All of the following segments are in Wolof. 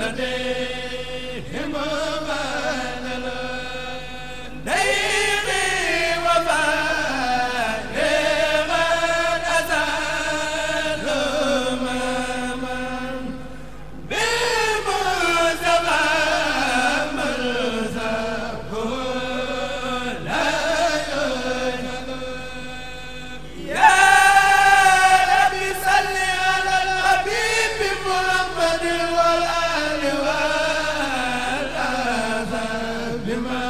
la ma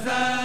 jaza